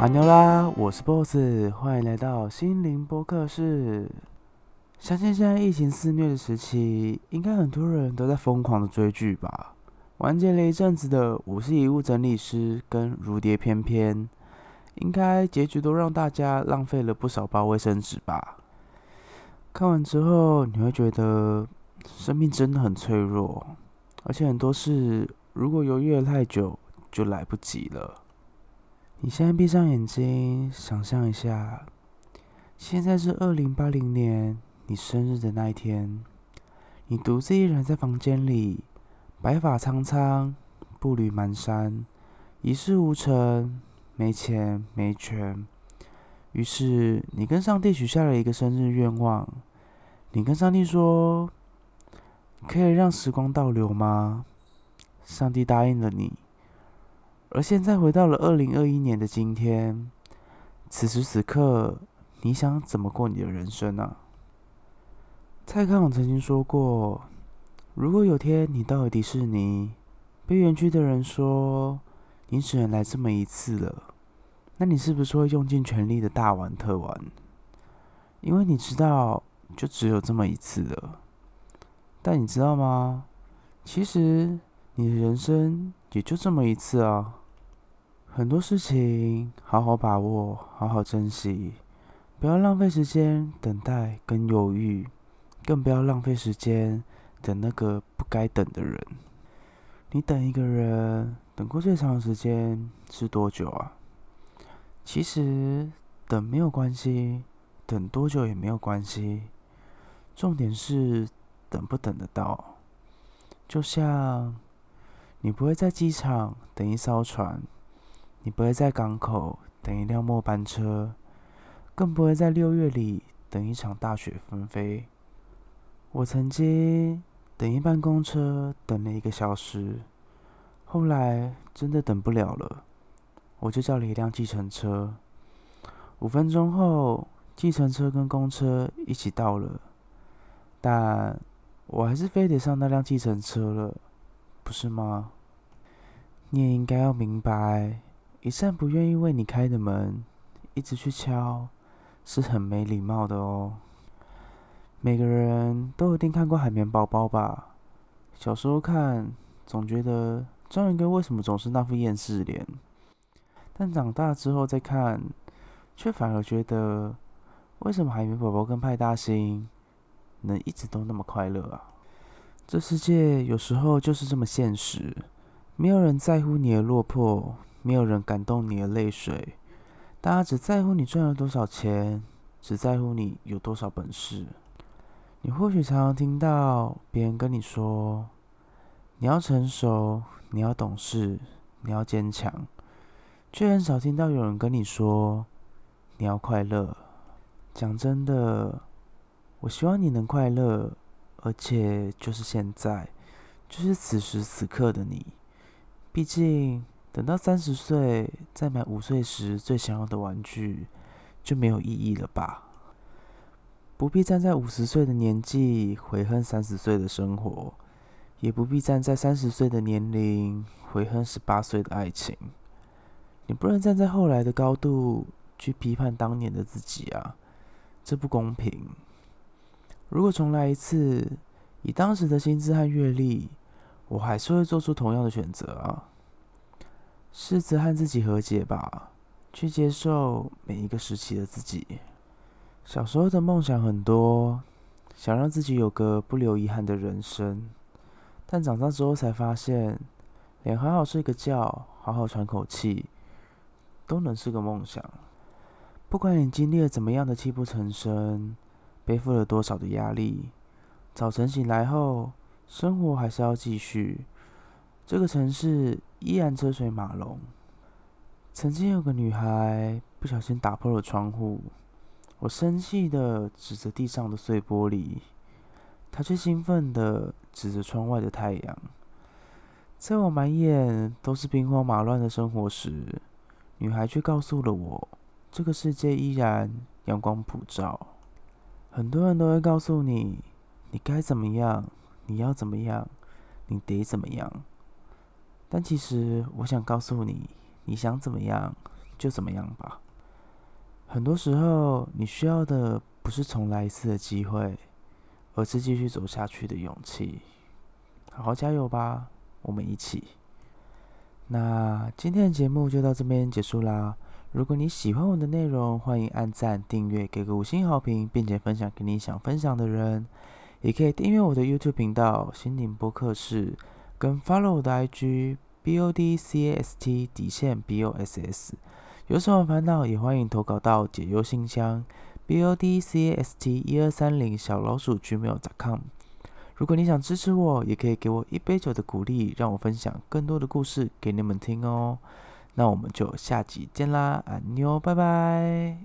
哈牛啦，我是 BOSS，歡迎來到心靈播客室。相信現在疫情肆虐的時期，應該很多人都在瘋狂的追劇吧？完結了一陣子的《我是遺物整理師》跟《如蝶翩翩》，應該結局都讓大家浪費了不少包衛生紙吧？看完之後，你會覺得生命真的很脆弱，而且很多事如果猶豫了太久，就來不及了。你現在閉上眼睛，想象一下，現在是二零八零年，你生日的那一天，你獨自一人在房間裡，白髮蒼蒼，步履蹣跚，一事無成，沒錢沒權。於是你跟上帝許下了一個生日願望，你跟上帝說，可以讓時光倒流嗎？上帝答應了你。而現在回到了二零二一年的今天，此時此刻，你想怎麼過你的人生呢？啊？蔡康永曾經說過，如果有天你到了迪士尼，被園區的人說你只能來這麼一次了，那你是不是會用盡全力的大玩特玩？因為你知道，就只有這麼一次了。但你知道嗎？其實你的人生也就這麼一次啊。很多事情好好把握，好好珍惜，不要浪費時間等待跟猶豫，更不要浪費時間等那個不該等的人。你等一個人，等過最長的時間是多久啊？其實等沒有關係，等多久也沒有關係，重點是等不等得到。就像你不會在機場等一艘船。你不會在港口等一輛末班車，更不會在六月裡等一場大雪紛飛。我曾經等一班公車，等了一個小時，後來真的等不了了，我就叫了一輛計程車。五分鐘後，計程車跟公車一起到了，但我還是非得上那輛計程車了，不是嗎？你也應該要明白。一扇不願意為你開的門，一直去敲，是很沒禮貌的哦。每個人都一定看過《海綿寶寶》吧？小時候看，總覺得章魚哥為什麼總是那副厭世臉？但長大之後再看，卻反而覺得，為什麼海綿寶寶跟派大星能一直都那麼快樂啊？這世界有時候就是這麼現實，沒有人在乎你的落魄。沒有人感動你的淚水，大家只在乎你賺了多少錢，只在乎你有多少本事。你或許常常聽到別人跟你說：“你要成熟，你要懂事，你要堅強。”卻很少聽到有人跟你說：“你要快樂。”講真的，我希望你能快樂，而且就是現在，就是此時此刻的你。畢竟，等到三十歲再買五歲時最想要的玩具，就沒有意義了吧？不必站在五十歲的年紀悔恨三十歲的生活，也不必站在三十歲的年齡悔恨十八歲的愛情。你不能站在後來的高度去批判當年的自己啊，這不公平。如果重來一次，以當時的薪資和閱歷，我還是會做出同樣的選擇啊。試着和自己和解吧，去接受每一個時期的自己。小時候的夢想很多，想讓自己有個不留遺憾的人生。但長大之後才發現，連好好睡個覺、好好喘口氣，都能是個夢想。不管你經歷了怎麼樣的泣不成聲，背負了多少的壓力，早晨醒來後，生活還是要繼續。這個城市。依然車水馬龍。曾經有個女孩不小心打破了窗戶，我生氣的指着地上的碎玻璃，她卻興奮的指着窗外的太陽。在我滿眼都是兵荒馬亂的生活時，女孩卻告訴了我，這個世界依然陽光普照。很多人都會告訴你，你該怎麼樣，你要怎麼樣，你得怎麼樣。但其實我想告訴你，你想怎麼樣就怎麼樣吧。很多時候你需要的不是重來一次的機會，而是繼續走下去的勇氣。好好加油吧，我們一起。那今天的節目就到這邊結束啦。如果你喜歡我的內容，歡迎按讚、訂閱，給個五星好評，並且分享給你想分享的人。也可以訂閱我的 YouTube 頻道“心靈播客室”。跟 follow 我的 IG BODCAST 底線 BOSS，有什麼煩惱也歡迎投稿到解憂信箱 BODCAST 一二三零小老鼠 gmail.com。如果你想支持我，也可以給我一杯酒的鼓勵，讓我分享更多的故事給你們聽哦。那我們就下集見啦，阿妞，拜拜。